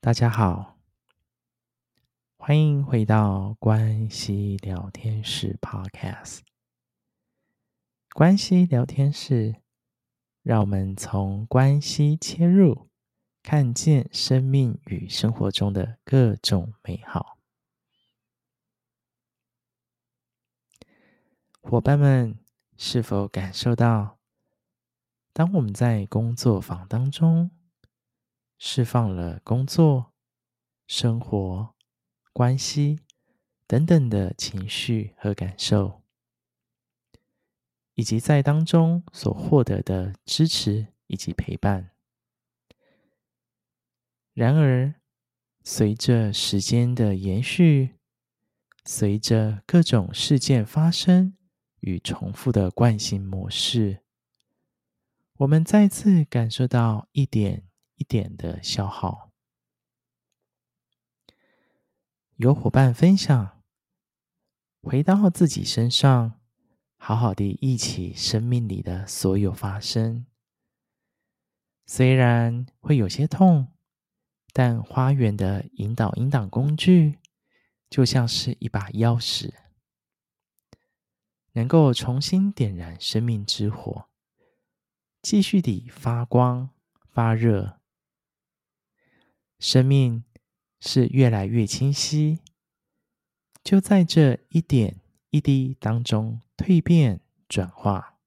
大家好，歡迎回到關係聊天室 Podcast。關係聊天室，讓我們從關係切入，看見生命與生活中的各種美好。夥伴們，是否感受到，當我們在工作坊當中，釋放了工作、生活、關係等等的情緒和感受，以及在當中所獲得的支持以及陪伴。然而，隨着時間的延續，隨着各種事件發生與重複的慣性模式，我們再次感受到一點。一點的消耗，有夥伴分享，回到自己身上，好好的憶起生命裡的所有發生。雖然會有些痛，但花園的引導引導工具，就像是一把鑰匙，能夠重新點燃生命之火，繼續地發光發熱。生命是越來越清晰，就在這一點一滴當中蛻變轉化。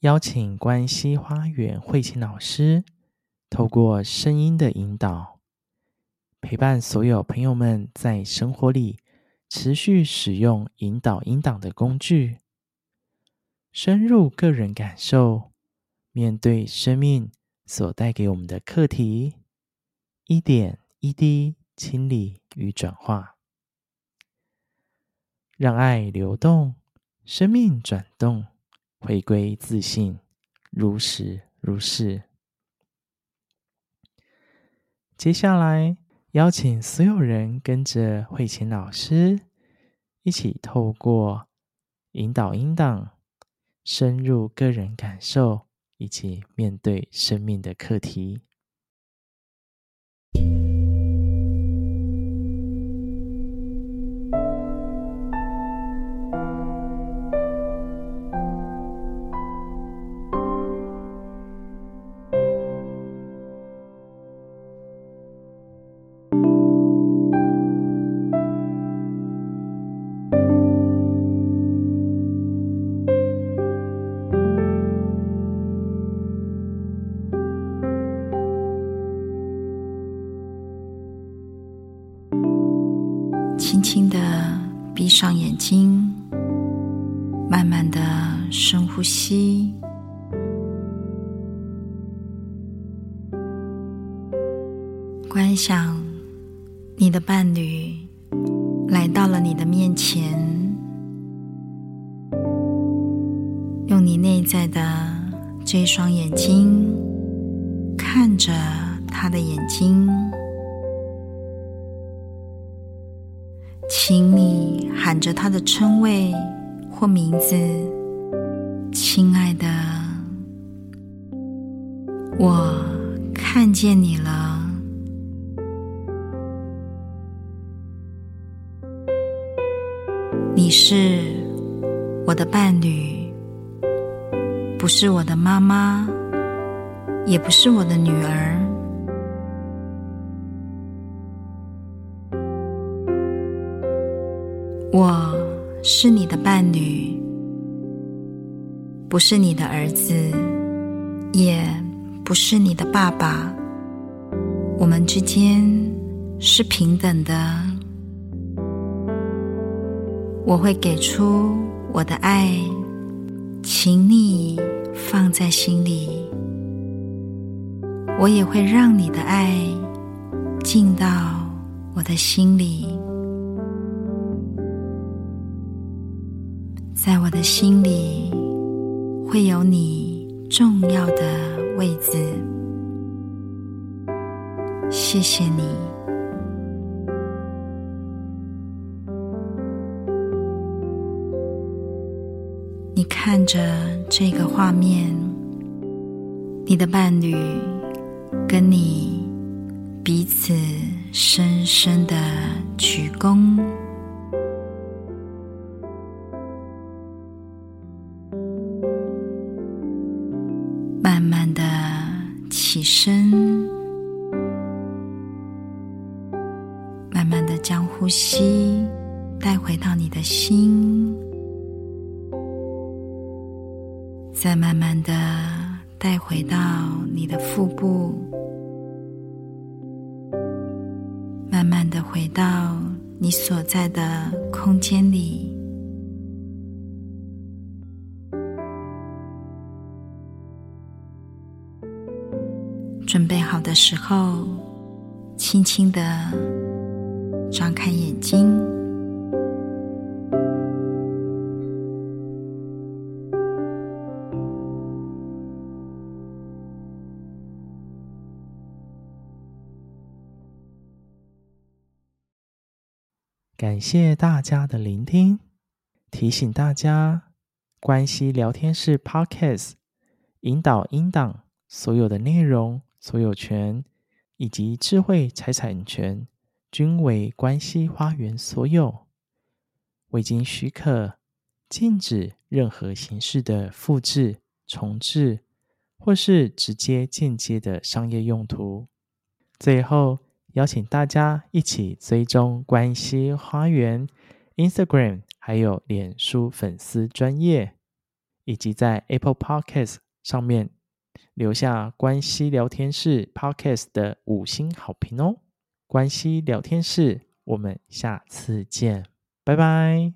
邀請關係花園慧卿老師，透過聲音的引導，陪伴所有朋友們在生活裡持續使用引導引導的工具，深入個人感受，面對生命。所帶給我們的課題，一點一滴清理與轉化，讓愛流動，生命轉動，回歸自性，如實如是。接下來，邀請所有人跟着慧卿老師一起透過引導音檔，深入個人感受，以及面對生命的課題。輕輕的閉上眼睛，慢慢的深呼吸，觀想你的伴侶來到了你的面前，用你內在的這一雙眼睛看着他的眼睛。請你喊着他的稱謂或名字，親愛的，我看見你了。你是我的伴侶，不是我的媽媽，也不是我的女兒。我是你的伴侶，不是你的兒子，也不是你的爸爸。我們之間是平等的。我會給出我的愛，請你放在心裡。我也會讓你的愛進到我的心裡。在我的心裡，會有你重要的位置。謝謝你。你看着這個畫面，你的伴侶跟你彼此深深的鞠躬。慢慢的起身，慢慢的將呼吸帶回到你的心，再慢慢的帶回到你的腹部，慢慢的回到你所在的空間裡。準備好的時候，輕輕的張開眼睛。感謝大家的聆聽，提醒大家：關係聊天室 Podcast 引導音檔所有的內容。所有權以及智慧財產權均為關係花園所有。未經許可，禁止任何形式的複製、重製或是直接間接的商業用途。最後，邀請大家一起追蹤關係花園 Instagram，還有臉書粉絲專頁，以及在 Apple Podcasts 上面。留下關係聊天室 Podcast 的五星好評哦！關係聊天室，我們下次見，拜拜。